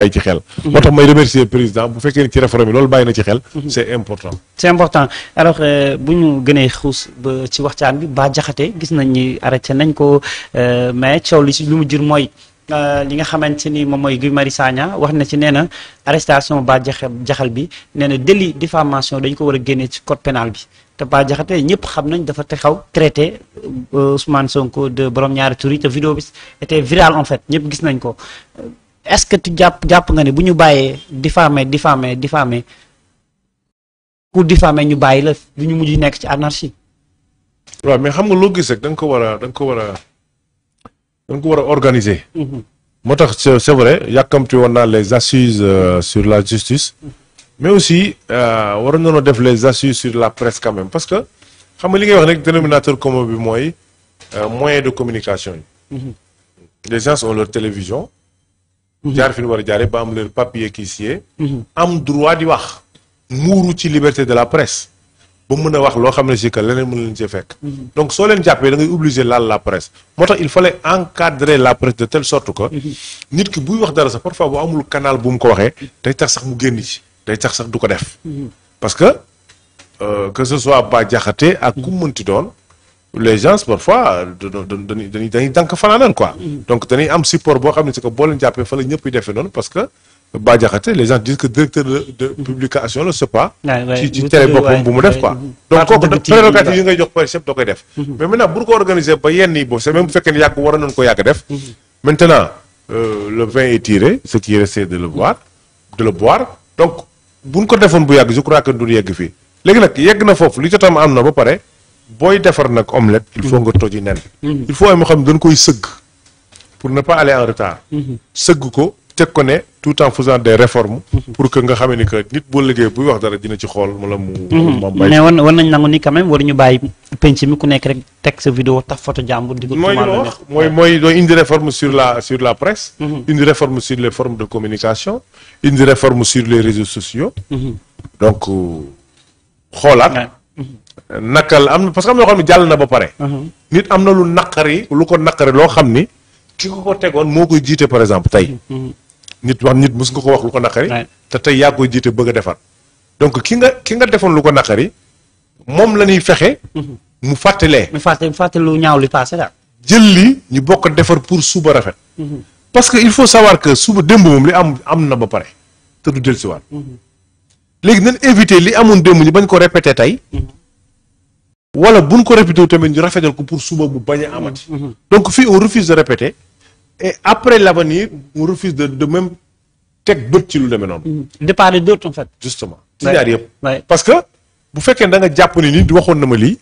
bàyyi ci xel mhm. moo tax may remercier président bu fekkee ni ci réforme bi loolu bàyyi na ci xel mhm. c'est important c'est important alors euh, bu ñu gënee xuus ba ci waxtaan bi ba jaxate gis nañ ni arrêté nañ ko euh, mais coow si lu mu jur mooy euh, li nga xamante ni moom mooy Guy Marius wax na ci nee na arrestation baa jaxa jaxal bi nee na délit diffamation dañ ko war a génnee ci code pénal bi te ba jaxate ñëpp xam nañ dafa te xaw traité Ousmane Sonko de borom ñaari touri yi te vidéo bi était viral en fait ñëpp gis nañ ko est-ce que tu jàpp jàpp nga ne bu ñu bàyyee diffamé diffamé diffamé ku diffamé ñu bàyyi la du ñu mujj nekk ci anarchie. waaw mais xam nga loo gis rek da nga ko war a da ko war a da ko war a organiser. Mhm. moo tax c'est vrai yàkkamti woon naa les assises euh, sur la justice. mais aussi euh, war nañoo def les assises sur la presse quand parce que xam nga li ngay wax rek dénominateur commun bi mooy euh, moyen de communication yi. Mhm. les gens ont leur télévision. Mmh. jaar fii ñu war a jaaree ba am leur papier caissier. Mmh. am droit di wax. muuru ci liberté de la presse. ba mën a wax loo xam ne si que leneen mën leen ci fekk. Mmh. donc soo leen jàppee da ngay obligé laal la presse moo tax il fallait encadrer la presse de telle sorte que. nit ki buy wax dara sax parfois bu amul kanaal bu mu ko waxee. day tax sax mu génn ci day tax sax du ko def. parce que euh, que ce soit Bah Diakhaté ak ku mu mënti doon. les gens parfois dañuy dañuy dañuy dànk fanaanan quoi. donc dañuy am support boo xam ne c'est que boo leen jàppee fa la ñëpp defee noonu parce que Bah Diakhaté les gens directeur de publication la c'est pas. ci ci télé boppam bu mu def quoi. donc kooku prérogative yi ngay jox par chef da koy def. Mm-hmm. maintenant ko mm-hmm. euh, le vin est tiré ce qui reste de le boire de le boire donc buñ ko defoon bu yàgg je crois que duñ yegg fii léegi nag yegg na foofu li jotam am na ba pare. booy defar nag omelette. il faut nga toji nen. Mhm. il faut am xam dañ koy sëgg. pour ne pas aller en retard. Mhm. sëgg ko teg ko ne tout en faisant des réformes. Mhm. pour que nga xam ni que nit boo liggéey buy wax dara dina ci xool mu. moom bàyyi mais war war nañ nangu ni quand même waruñu bàyyi penc mi ku nekk rek teg sa vidéo taf photo jàmbur. di mooy wax mooy réforme sur la sur la presse. indi réforme sur les formes de communication. indi réforme sur les réseaux sociaux. Euh, nakal am na parce que am na xam ne jàll na ba pare. Uh-huh. nit am na lu naqari lu ko naqari loo xam ni ki ko ko tegoon moo koy jiite par exemple tey. Uh-huh. Uh-huh. nit wax nit su nga ko wax lu ko naqari. te tey yaa koy jiite bëgg a defar. donc ki nga ki nga defoon lu ko naqari moom la ñuy fexe. mu fàttalee. mu fàttali fàttali ñaaw li paase jël li ñu bokk defar pour suba rafet. parce que il faut savoir que suba démb moom li am am na ba pare te du dellusiwaat. léegi nañ éviter li amoon démb ñu bañ ko répété tey. wala buñ ko répété tamit ñu rafetal ko pour suba bu bañ a amati. Mm-hmm. Mm-hmm. donc fii on refuse de répéter et après l'avenir on refuse de de même teg bët ci lu demee noonu. Mm-hmm. de part et d'autre en fait. justement ci ñaar yëpp. parce que bu fekkee da nga nii di waxoon na ma lii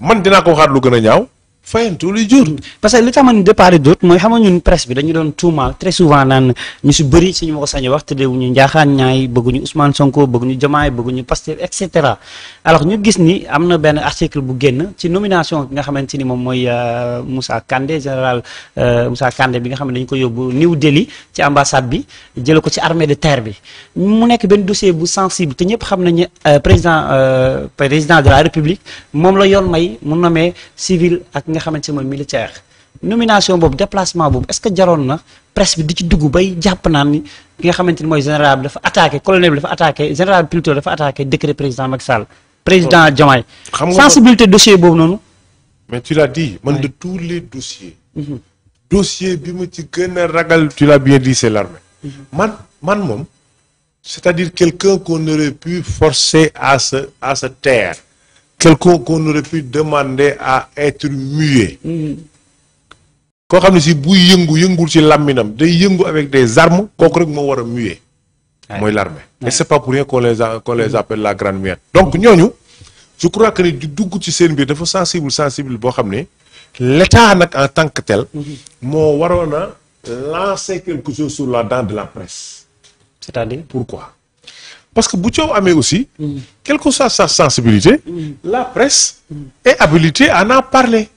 man dinaa ko waxaat lu gën a ñaaw. fayam tous les jours. parce que li tax ma ni départ d' mooy xam ñun presse bi dañu doon tuumaal très souvent naan ñu si bëri suñu ma ko sañ wax tëddeewuñu njaaxaan ñaay bëgguñu Ousmane Sonko bëgguñu Diomaye bëgguñu Pastef et cetera ñu gis ni am na benn article bu génn ci nomination bi nga xamante ni moom mooy euh, Moussa Kandé général euh, Moussa Kandé bi nga xam ne dañu ko yóbbu New Delhi ci ambassade bi jële ko ci armee de terre bi mu nekk benn dossier bu sensible te ñëpp xam nañu euh, président président de la république la yoon may mu nga xamante ne mooy militaire nomination boobu déplacement boobu est-ce que jaroon na presse bi di ci dugg bay jàpp naan ni ki nga xamante ni mooy général bi dafa attaqué colonel bi dafa attaqué général bi plutôt dafa attaqué décret président Macky Sall président Diomaye sensibilité dossier boobu noonu mais tu la dit man de tous les dossiers mhm. dossier bi ma ci gën a ragal tu l'as bien dit c'est l'armée mhm. man man moom c'est-à-dire quelqu'un qu'on aurait pu forcer à se à se quelqu'un qu'on aurait pu à être muet. koo xam ne si buy yëngu yëngul ci làmminam day yëngu avec des armes kooku rek moo war a muet. mooy l'armée et c'est pas pour rien qu'on les a la grande muette. donc ñooñu je crois que ni di dugg ci seen biir dafa sensible sensible boo xam ne l'État nag en tant que moo waroon a lancer quelque chose sur la dent de la presse. c'est-à-dire pourquoi. parce que bu coow amee aussi mm. quelle que soit sa sensibilité mm. la presse est habilitée à en parler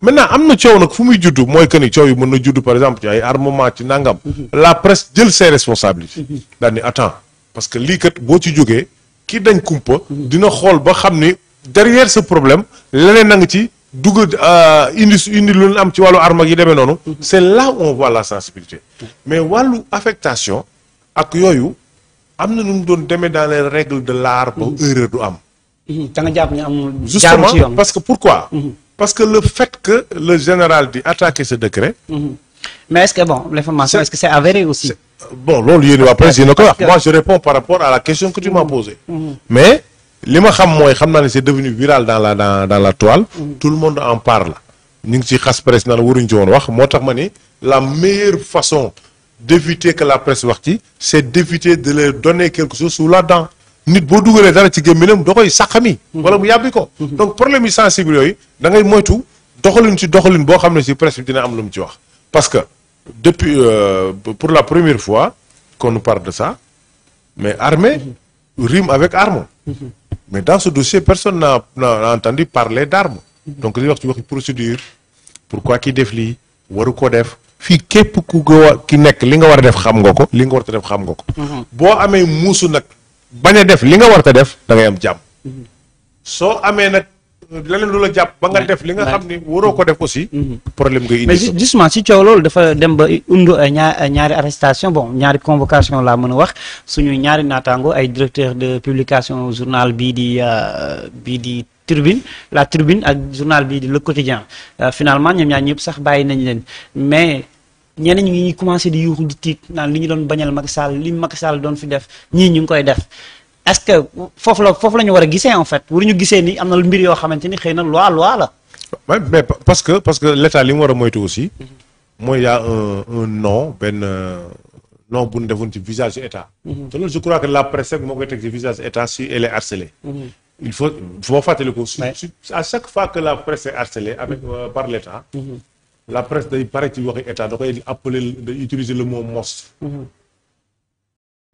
maintenant am na coow nag fu muy juddu mooy que ni coow yi mën na juddu par exemple ci ay armement ci nangam mm-hmm. la presse jël ses responsabilités mm-hmm. daal ni attends parce que lii kat boo ci jógee kii dañ kumpa mm-hmm. dina xool ba xam ni derrière sa problème leneen na nga ci dugg euh, indi indi lu leen am ci wàllu arme yi demee noonu c'est là où on sensibilité mais wàllu affectation ak yooyu am na nu mu doon demee dans les règles de l'art ba mhm. erreur du am. Mhm. da nga am. justement parce que pourquoi. Mhm. parce que le fait que le général di attaquer ce décret. mais est-ce que bon l'information est-ce que c'est avéré aussi. bon loolu yéen waa presse yéen a ko wax moi je réponds par rapport à la question que tu m'as posée. mais li ma xam mooy xam naa ne c'est devenu viral dans la dans dans la toile. tout le monde en parle. ñu ngi ci xas presse naan waruñu ci woon wax moo tax ma ni la meilleure façon. d'éviter que la presse wax ci c'est d'éviter de leur donner quelque chose sous la dent nit boo dugalee dara ci gémmiñam da koy sàqami mhm. wala mu yàbbi ko mhm. donc problème yi sensible yooyu da ngay moytu doxalin ci doxalin boo xam ne si presse bi dina am lu mu ci wax parce que depuis euh, pour la première fois qu'on nous de ça mais armée mm avec arme mhm. mais dans ce dossier personne n'a n'a entendu parler d'arme mm -hmm. donc li wax ci waxi procédure quoi kii def lii waru ko def fii képp ku ki nekk li nga war a def xam nga ko li nga war xam nga ko. Mm-hmm. boo amee muusu nag bañ a def li nga war a def da am jàmm. Mm-hmm. soo amee nag euh, leneen lu la jàpp ba nga def li nga xam ni waroo ko def aussi. Mm-hmm. problème nga indi. mais justement si coow loolu dafa dem ba undu euh, ñaar euh, ñaari arrestation bon ñaari convocation laa mën a wax suñu ñaari naataango ay directeur de publication journal bii di bii di. tribune la tribune ak journal bii di le quotidien finalement ñoom ñaar ñëpp sax bàyyi ñenee ñi ngi commencé di yuuxu di tiit naan li ñu doon bañal Macky Sall li Macky Sall doon fi def ñii ñu ngi koy def est que foofu la foofu lañu war a gisee en fait ñu gisee ni am na mbir yoo xamante ni xëy na loi loi parce que parce que l'état li mu war a moytu aussi. mooy y a un un nom benn euh, nom bu ñu ci visage état. Mhm. que la presse rek moo koy teg ci visage état si elle est mhm. il faut boo fàttali ko. à chaque fois que la presse est mhm. euh, par l'État. la presse day pare ci waxi état da koy di appeler day utiliser le mot mos. Mhm.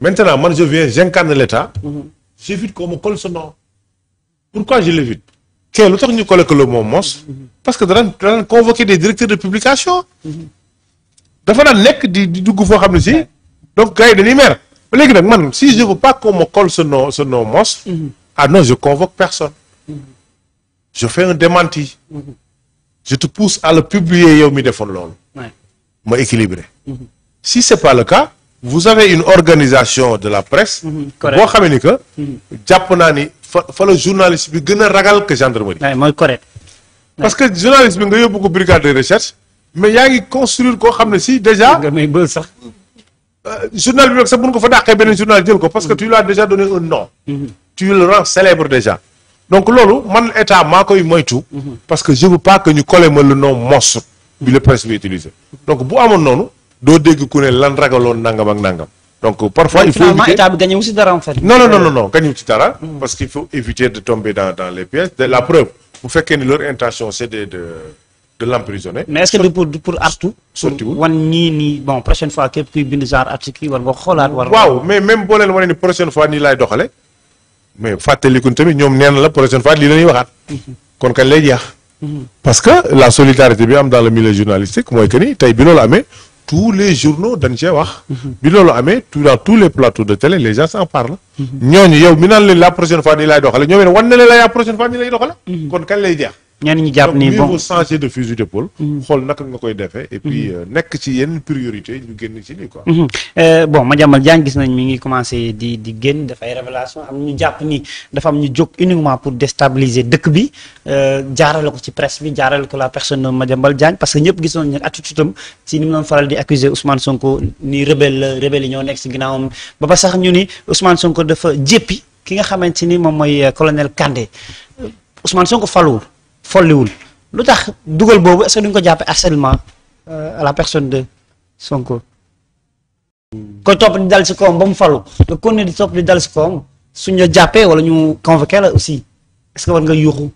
maintenant man je viens j'incarne l'état mhm. j'évite qu'on me colle pourquoi je l'évite kee lu tax ñu colle que le mot mos mhm. parce que danañ danañ convoquer des directeurs de publication dafa daan nekk di di dugg foo xam ne si donc gars yi dañuy mer ba léegi nag man si je veux pas qu'on me colle ce mos ah je convoque personne je fais un démenti je te pousse à le publier yow mi defoon loolu. ma équilibré. Mhm. si c'est pas le cas. vous avez une organisation de la presse. Mhm, boo xamee ni que. Mhm. jàpp naa ni fa fa la journaliste bi gën a ragal que gendarmerie. waaw mooy correct. parce que journaliste bi nga yóbbu ko brigade de recherche. mais yaa ngi construire koo xam ne si déjà. nga may sax. Euh, journal bi rek sax mën ko fa dàqee beneen journal jël ko parce que tu lui as déjà donné un nom. tu le rends célèbre déjà. donc loolu man état maa koy moytu. Mhm. parce que je veux pas que ñu coller ma le nom monstre. bi la presse bi utilisé. donc bu amoon noonu. doo dégg ku ne lan ragaloon nangam ak nangam. donc parfois il faut éviter état bi gañewu ci dara en fait. non non non non non gañewu dara. Mhm. parce qu'il faut éviter de tomber dans les pièges de la preuve bu fekkee ni leur intention c'est de de l'emprisonner. mais est-ce que du pour pour artu. surtout wan ñii nii bon prochaine fois képp mais fàttaliku tamit ñoom neen la prochaine fois lii la ñuy waxaat. kon kañ lay jeex. parce que la solidarité bi am dans le milieu journalistique mooy que ni tey bi loolu amee tous les journaux dañ cee wax. bi loolu amee tout dans tous les plateaux de télé les gens s'en parlent. ñooñu yow mi naan leen la prochaine fois nii laay doxale ñoom it wan na leen la la prochaine fois nii lay doxale kon kañ lay jeex. ñenn ñu jàpp nii bon de fusil d'épaule mm-hmm. xool naka nga koy defee et puis mm-hmm. euh, nekk ci yenn priorité ñu génn ci lii quoi mm-hmm. euh, bon Madiambal Diagne gis nañ mi ngi commencé di di génn dafay révélation am ñu jàpp ni dafa am ñu jóg uniquement pour déstabiliser dëkk bi euh, jaarale ko ci presse bi jaarale ko la personne Madiambal Diagne parce que ñëpp gis nañ attitude am ci ni mu doon faral di accuser Ousmane Sonko ni rebelle la rebelle ñoo nekk si ginnaawam ba ba sax ñu ni Ousmane Sonko dafa jéppi ki nga xamante ni moom mooy colonel Kandé Ousmane Sonko faluwul folliwul lu tax dugal boobu es ce du duñ ko jàppee harcèlement euh, à la personne de Sonko. koy topp di dal si kawam ba mu falu nga continuer di topp di dal si kawam suñ la jàppee wala ñu convoqué la aussi est-ce nga yuuxu.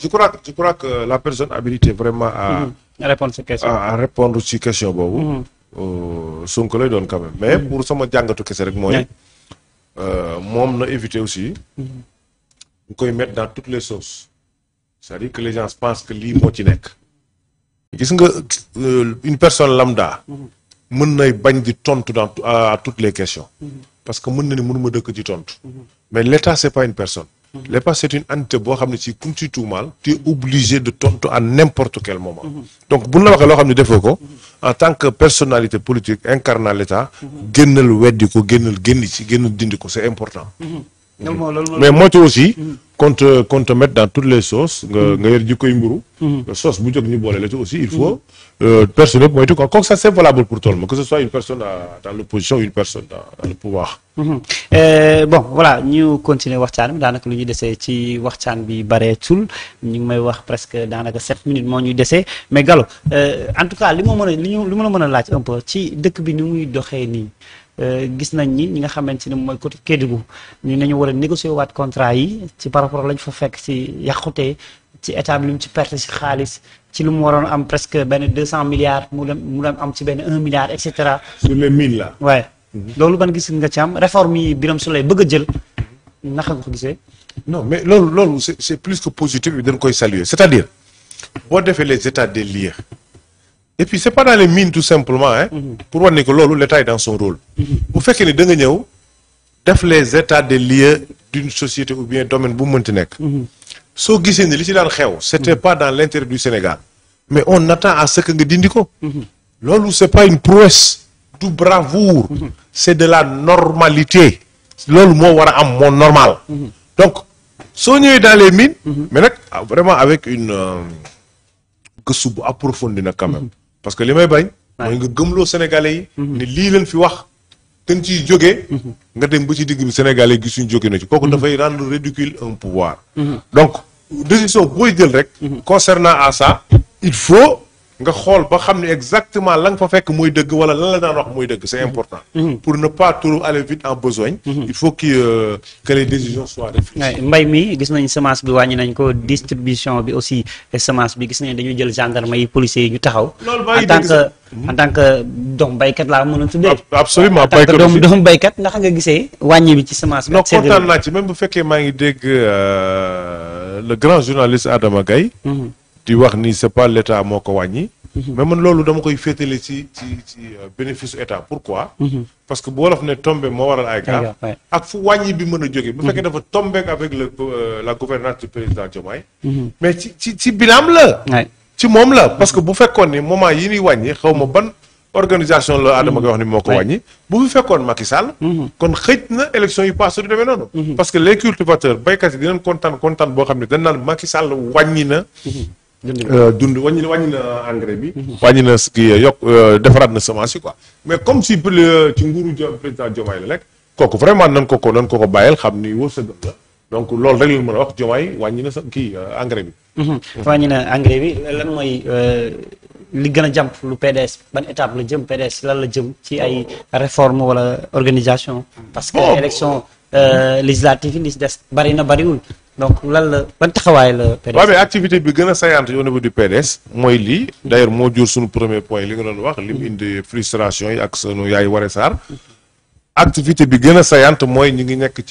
je crois que je crois que la personne vraiment mm-hmm. à. à répondre si question à répondre si question boobu. Mm-hmm. Euh, Sonko lay doon quand mais mm-hmm. pour sama jàngatu kese rek mooy. Euh, moom na éviter aussi. ñu koy mettre dans toutes les sauces. cest à que les gens pensent que lii moo ci nekk gis nga euh, une personne lambda mhm. mën nay bañ di tontu dans à toutes les questions mhm. parce que mën na ni mënuma dëkk ci tontu mhm. mais l'état c'est pas une personne l'état c'est une entité boo xam ne si kuñ ci tuumaal tu es obligé de tontu à n'importe quel moment donc buñ la loo xam ne defoo ko en tant que personnalité politique incarnant l'état génnal weddi ko génnal génn ci génnal dindi ko c'est important mais qu'on te qu'on te mette dans toutes les sauces. nga mhm. nga yor jikkoy mburu. Mhm. sauce bu jóg ñu boole la ci aussi il mhm. faut. Euh, personne yëpp moytu quoi kooku ça c'est valable pour tout le monde que ce soit une personne dans l'opposition une personne dans le pouvoir. Euh, bon voilà ñu continuer waxtaan bi daanaka lu ñu desee ci waxtaan bi bareetul ñu ngi may wax presque daanaka sept minutes moo ñuy desee mais Gallo euh, en tout cas li ma mën a li ñu li ma la mën a laaj un peu ci dëkk bi ni muy doxee nii. Euh, gis nañ ni ñi nga xamante ni mooy côté Kédougou ñu nañu war a négocier waat contrat yi ci par rapport lañ fa fekk ci yàqute ci état bi lu mu ci perte ci xaalis ci lu mu waroon am presque benn deux cent milliards mu dem mu dem am ci benn un milliard et cetera. sur les mines waaye mhm. loolu ban gis nga ci am réforme yi Birame Souleye bëgg a jël naka nga ko gisee. non mais loolu loolu c'est c'est plus que positif bi dañ koy saluer c'est-à-dire boo defee les états des lieux. et puis c' est pas dans les mines tout simplement mhm. pour wane ni que loolu l' état est dans son rôle. Mhm. bu fekkee ni da nga ñëw def les états de lieux d'une société ou bien domaine bu mu mënti nekk. Mhm. soo gisee ni li ci daan xew. c' était pas dans l' intérêt du Sénégal. mais on attend à ce que nga dindi ko. loolu c' est pas une prouesse du bravoure. c' de la normalité. loolu moo war a am moo normal. donc soo ñëwee dans les mines. mais nag ah, vraiment avec une euh, gëstu bu approfondi nag quand parce que li may bañ. mooy nga gëmloo Sénégalais yi. Mhm. ne lii leen fi wax. te ñu ciy jógee. Mhm. nga dem ba ci digg bi Sénégalais gi suñ jóge na ci. kooku mhm. dafay rendre ridicule un pouvoir. donc décision booy jël rek. concernant à ça il faut. nga xool ba xam ne exactement la nga fa fekk mooy dëgg wala lan la daan wax mooy dëgg c'est mhm. important. Mhm. pour ne pas trop aller en besogne. Mhm. il faut que euh, que les décisions soient réfléchies. mbay mi gis nañ semence bi wàññi nañ ko distribution bi aussi semence bi gis nañ dañu jël gendarme yi policiers yi ñu taxaw. en tant que en tant que doom baykat laa mënoon tuddee. absolument baykat doom doom baykat ndax nga gisee wàññi bi ci semence bi. ak non kontaan naa ci même bu fekkee maa ngi dégg euh, le grand journaliste Adama Gaye. di wax ni c'est pas l'état moo ko wàññi. Mhm. mais man loolu dama koy féetale ci ci ci euh, bénéfice état pourquoi. Mhm. parce que bu wolof ne tombé moo waral ay gaaf. ak fu wàññi bi mën a jógee. bu fekkee mhm. dafa tombé avec le euh, la gouvernance du président Diomaye. mais ci ci ci binaam la. ci moom la parce que bu fekkoon ni moment yi ñuy wàññi xaw ma ban. organisation la Adama koy wax ni moo ko wàññi. bu fi fekkoon Macky Sall. kon xëj na élection yi passé du demee noonu. parce que les yi dinañ kontaan kontaan boo xam ne dañ naan Macky Sall wàññi na. Euh, dund wàññi wàññi na engrais bi. Mhm. wàññi na kii yokk euh, defaraat na semence yi quoi mais comme si euh, ci nguuru président Diomaye la nekk kooku vraiment nan ko ko nan ko ko bàyyil xam ni wërsëgam la donc loolu rek la mën a wax Diomaye wàññi na kii engrais bi. Mhm. Mhm. wàññi na engrais bi lan mooy li gën a jàmp lu PDS ban étape la jëm PDS lan la jëm ci ay réforme wala organisation. parce que élection législative yi si des bari na bariwul. donc lan la ban taxawaay la. PDS waaw mais activité bi gën a saillante au niveau du PDS mooy lii d' moo jur suñu premier point li nga doon wax. li mu indi frustration yi ak sunu yaay Waré saar activité bi gën a saillante mooy ñu ngi nekk ci.